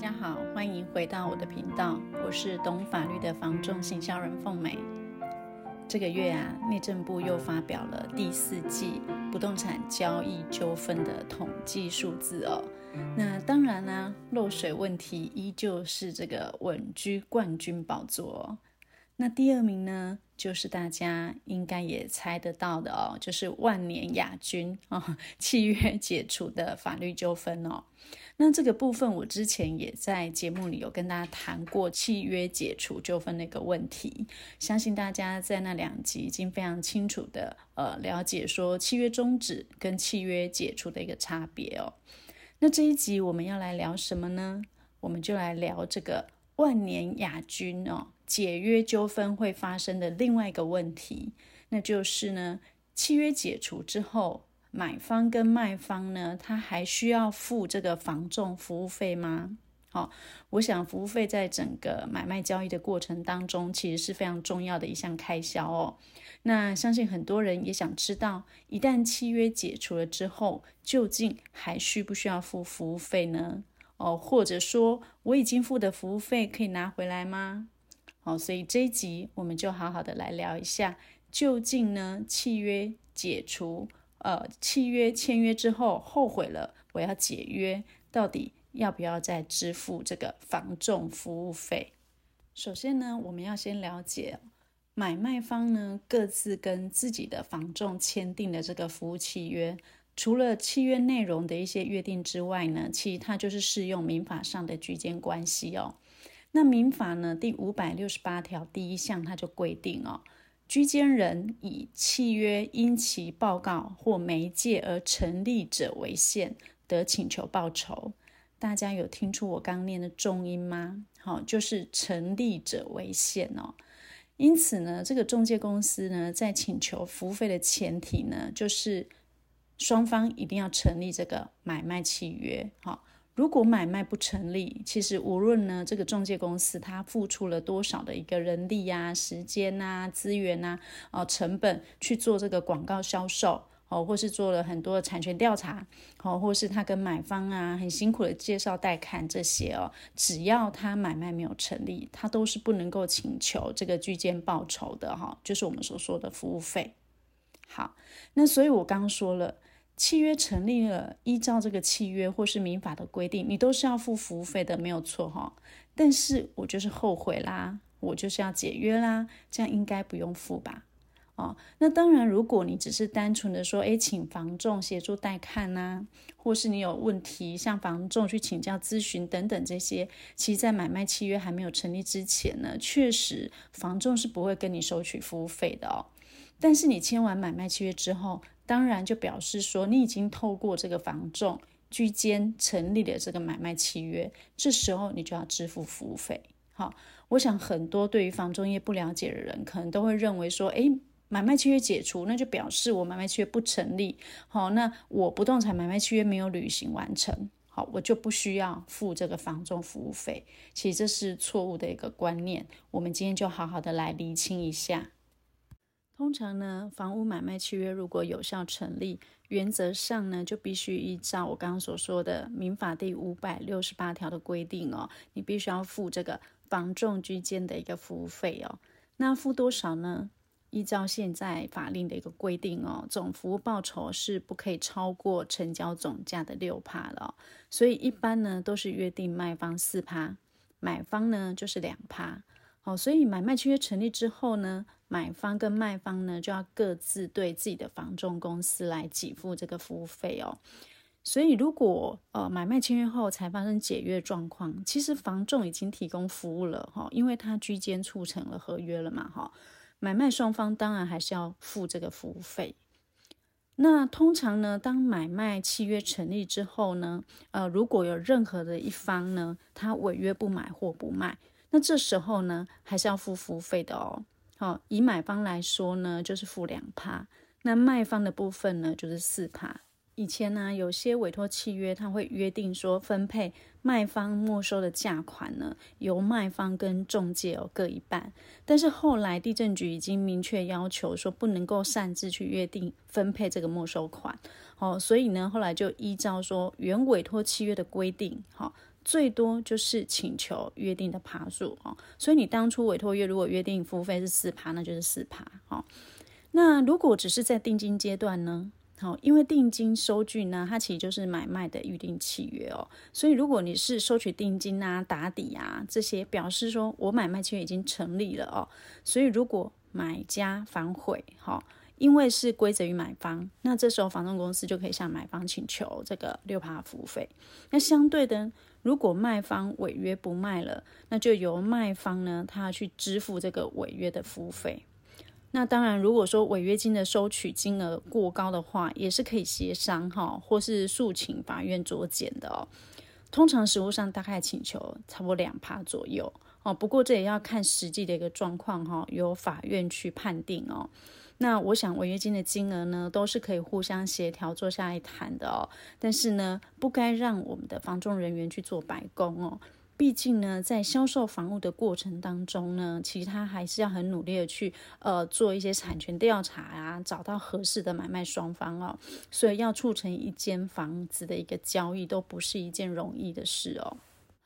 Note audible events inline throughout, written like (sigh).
大家好，歡迎回到我的頻道，我是懂法律的房仲行銷人鳳美。這個月啊，內政部又發表了第四季不動產交易糾紛的統計數字哦。那當然啦、啊，漏水問題依舊是這個穩居冠軍寶座、哦。那第二名呢，就是大家應該也猜得到的哦，就是萬年亞軍啊、哦，契約解除的法律糾紛哦。那這個部分我之前也在節目裡有跟大家談過契約解除糾紛的一個問題，相信大家在那兩集已經非常清楚的呃了解說契約終止跟契約解除的一個差別哦。那這一集我們要來聊什麼呢？我們就來聊這個萬年亞軍哦。解約糾紛會發生的另外一個問題，那就是呢，契約解除之後，買方跟賣方呢，他還需要付這個房仲服務費嗎？好，哦，我想服務費在整個買賣交易的過程當中，其實是非常重要的一項開銷哦。那相信很多人也想知道，一旦契約解除了之後，究竟還需不需要付服務費呢？哦，或者說我已經付的服務費可以拿回來嗎？好，所以這一集我們就好好的來聊一下，究竟呢，契約解除，呃，契約簽約之後後悔了，我要解約，到底要不要再支付這個房仲服務費？首先呢，我們要先了解買賣方呢各自跟自己的房仲簽訂的這個服務契約，除了契約內容的一些約定之外呢，其他就是適用民法上的居間關係哦。那民法呢，第五百六十八條第一項，它就規定哦，居間人以契約因其報告或媒介而成立者為限，得請求報酬。大家有聽出我剛念的重音嗎？好、哦，就是成立者為限哦。因此呢，這個中介公司呢，在請求服務費的前提呢，就是雙方一定要成立這個買賣契約。好、哦。如果買賣不成立，其實無論呢，這個仲介公司他付出了多少的一個人力啊、時間啊、資源啊、成本去做這個廣告銷售哦，或是做了很多的產權調查，哦，或是他跟買方啊很辛苦的介紹帶看這些哦，只要他買賣沒有成立，他都是不能夠請求這個居間報酬的哈，就是我們所說的服務費。好，那所以我剛剛說了。契約成立了，依照這個契約或是民法的規定，你都是要付服務費的，沒有錯哈、哦。但是我就是後悔啦，我就是要解約啦，這樣應該不用付吧？哦，那當然，如果你只是單純的說，哎、欸，請房仲協助帶看吶、啊，或是你有問題向房仲去請教諮詢等等這些，其實在買賣契約還沒有成立之前呢，確實房仲是不會跟你收取服務費的哦。但是你簽完買賣契約之後，當然，就表示說你已經透過這個房仲居間成立了這個買賣契約，這時候你就要支付服務費。好，我想很多對於房仲業不了解的人，可能都會認為說，誒，買賣契約解除，那就表示我買賣契約不成立，好，那我不動產買賣契約沒有履行完成，好，我就不需要付這個房仲服務費。其實這是錯誤的一個觀念，我們今天就好好的來釐清一下。通常呢，房屋買賣契約如果有效成立，原則上呢就必須依照我剛剛所說的《民法》第五百六十八條的規定哦，你必須要付這個房仲居間的一個服務費哦。那付多少呢？依照現在法令的一個規定哦，總服務報酬是不可以超過成交總價的六趴了哦。所以一般呢都是約定賣方四趴，買方呢就是兩趴。哦，所以買賣契約成立之後呢，買方跟賣方呢就要各自對自己的房仲公司來給付這個服務費哦。所以如果呃買賣簽約後才發生解約狀況，其實房仲已經提供服務了哈、哦，因為他居間促成了合約了嘛哈、哦。買賣雙方當然還是要付這個服務費。那通常呢，當買賣契約成立之後呢，呃如果有任何的一方呢，他違約不買或不賣。那這時候呢，還是要付服務費的哦。好，以買方來說呢，就是付兩趴，那賣方的部分呢，就是四趴。以前呢、啊，有些委托契約他會約定說，分配賣方沒收的價款呢，由賣方跟仲介哦各一半。但是後來地政局已經明確要求說，不能夠擅自去約定分配這個沒收款。哦，所以呢，後來就依照說原委托契約的規定，哦最多就是請求約定的爬數哦，所以你當初委托約如果約定付費是四爬，那就是四爬。那如果只是在定金階段呢？好，因為定金收據呢，它其實就是買賣的預定契約哦。所以如果你是收取定金啊、打底啊這些，表示說我買賣契約已經成立了哦。所以如果買家反悔，好。因為是歸責於買方，那這時候房仲公司就可以向買方請求這個六趴服務費。那相對的，如果賣方違約不賣了，那就由賣方呢，他去支付這個違約的服務費。那當然，如果說違約金的收取金額過高的話，也是可以協商哈、哦，或是訴請法院酌減的哦。通常實務上大概請求差不多兩趴左右哦。不過這也要看實際的一個狀況哈、哦，由法院去判定哦。那我想違約金的金額呢，都是可以互相協調坐下來談的哦。但是呢，不該讓我們的房仲人員去做白工哦。畢竟呢，在銷售房屋的過程當中呢，其他還是要很努力的去呃做一些產權調查啊，找到合適的買賣雙方哦。所以要促成一間房子的一個交易，都不是一件容易的事哦。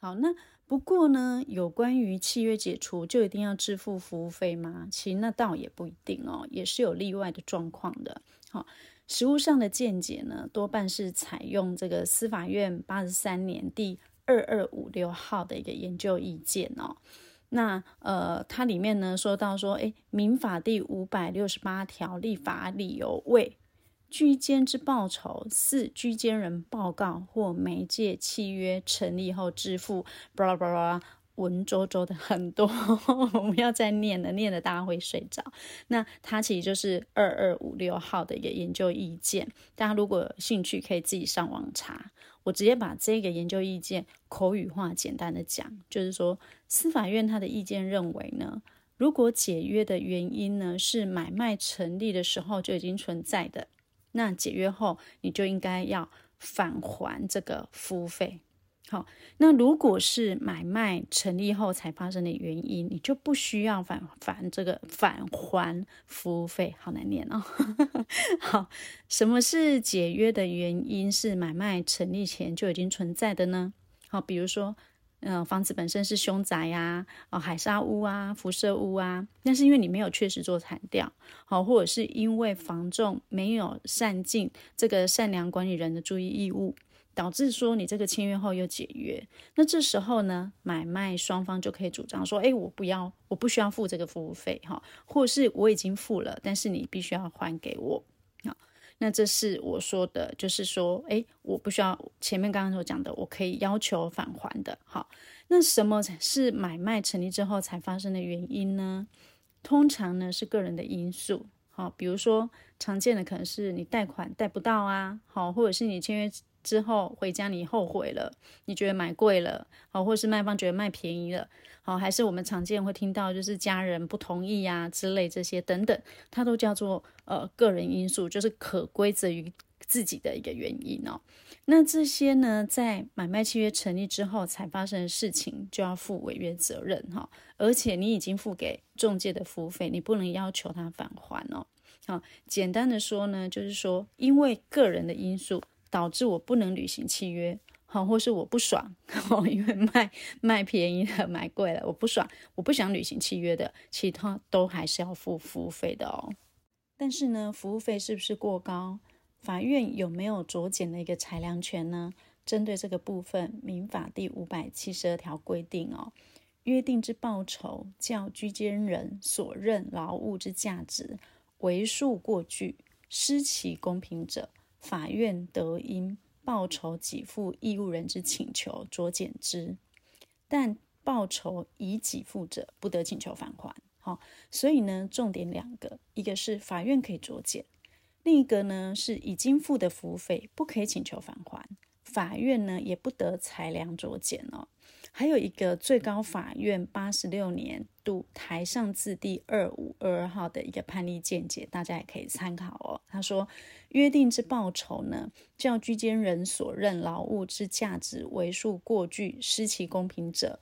好，那。不過呢，有關於契約解除就一定要支付服務費嗎？其實那倒也不一定哦，也是有例外的狀況的。好、哦，實務上的見解呢，多半是採用這個司法院八十三年第二二五六號的一個研究意見哦。那呃，它裡面呢說到說，哎，民法第五百六十八條立法理由為。居間之報酬，四居間人報告或媒介契約成立後支付。巴拉巴拉，文縐縐的很多， (laughs) 我們要再念了，念了大家會睡着。那它其實就是二二五六號的一個研究意見，大家如果有興趣，可以自己上網查。我直接把這個研究意見口語化，簡單的講，就是說，司法院它的意見認為呢，如果解約的原因呢是買賣成立的時候就已經存在的。那解約後，你就應該要返還這個服務費。好，那如果是買賣成立後才發生的原因，你就不需要返返這個返還服務費。好難念哦。 (laughs) 好，什麼是解約的原因？是買賣成立前就已經存在的呢？好，比如說。嗯、呃，房子本身是凶宅呀，啊，哦、海砂屋啊，輻射屋啊，那是因為你沒有確實做產調。好，或者是因為房仲沒有善盡這個善良管理人的注意義務，導致說你這個簽約後又解約，那這時候呢，買賣雙方就可以主張說，誒，我不要，我不需要付這個服務費哈，或者是我已經付了，但是你必須要還給我。那這是我說的，就是說，哎，我不需要前面剛剛所講的，我可以要求返還的，好。那什麼才是買賣成立之後才發生的原因呢？通常呢是個人的因素，好，比如說常見的可能是你貸款貸不到啊，好，或者是你簽約。之後回家你後悔了，你覺得買貴了，好、哦，或是賣方覺得賣便宜了，好、哦，還是我們常見會聽到就是家人不同意呀、啊、之類這些等等，它都叫做呃個人因素，就是可歸責於自己的一個原因哦。那這些呢，在買賣契約成立之後才發生的事情，就要負違約責任哈、哦。而且你已經付給仲介的服務費，你不能要求他返還哦。好、哦，簡單的說呢，就是說因為個人的因素。導致我不能履行契約，好，或是我不爽，哦，因為賣賣便宜了，買貴了，我不爽，我不想履行契約的，其他都還是要付服務費的哦。但是呢，服務費是不是過高？法院有沒有酌減的一個裁量權呢？針對這個部分，民法第五百七十二條規定哦，約定之報酬，較居間人所任勞務之價值為數過巨，失其公平者，法院得因報酬給付義務人之請求酌減之，但報酬已給付者不得請求返還。好、哦，所以呢，重點兩個，一個是法院可以酌減，另一個呢是已經付的服務費不可以請求返還，法院呢也不得裁量酌減哦。還有一個最高法院八十六年度台上字第二五二號的一個判例見解，大家也可以參考哦。他說：“約定之報酬呢，較居間人所認勞務之價值為數過巨，失其公平者，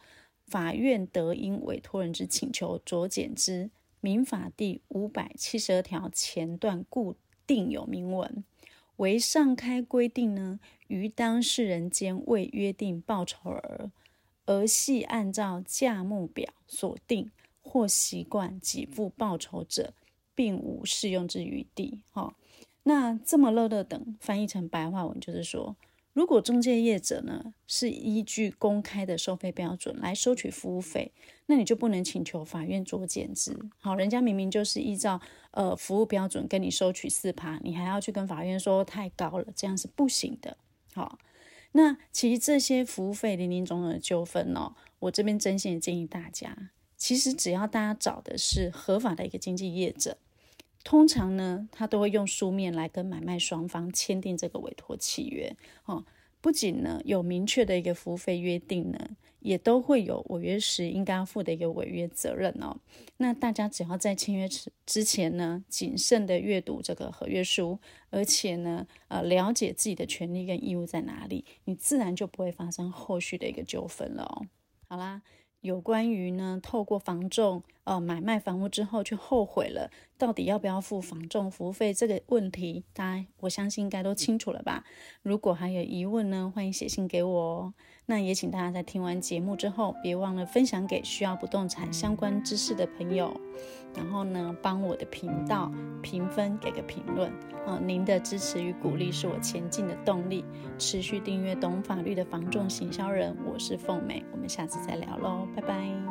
法院得因委託人之請求酌減之。”民法第五百七十二條前段固定有明文，為上開規定呢，於當事人間未約定報酬而而係按照價目表所定或習慣給付報酬者，並無適用之餘地。”哈。那這麼落落長翻譯成白話文就是說，如果中介業者呢是依據公開的收費標準來收取服務費，那你就不能請求法院酌減之。好，人家明明就是依照呃服務標準跟你收取四趴，你還要去跟法院說太高了，這樣是不行的。好，那其實這些服務費林林總總的糾紛呢、哦，我這邊真心建議大家，其實只要大家找的是合法的一個經紀業者。通常呢，他都會用書面來跟買賣雙方簽訂這個委托契約哦。不僅呢有明確的一個服務費約定呢，也都會有違約時應該要負的一個違約責任哦。那大家只要在簽約之前呢，謹慎的閱讀這個合約書，而且呢，呃，了解自己的權利跟義務在哪裡，你自然就不會發生後續的一個糾紛了哦。好啦，有關於呢，透過房仲，哦，買賣房屋之後卻後悔了，到底要不要付房仲服務費這個問題，大家我相信應該都清楚了吧？如果還有疑問呢，歡迎寫信給我哦。那也請大家在聽完節目之後，別忘了分享給需要不動產相關知識的朋友。然後呢，幫我的頻道評分，給個評論。啊，呃，您的支持與鼓勵是我前進的動力。持續訂閱懂法律的房仲行銷人，我是鳳美，我們下次再聊嘍，拜拜。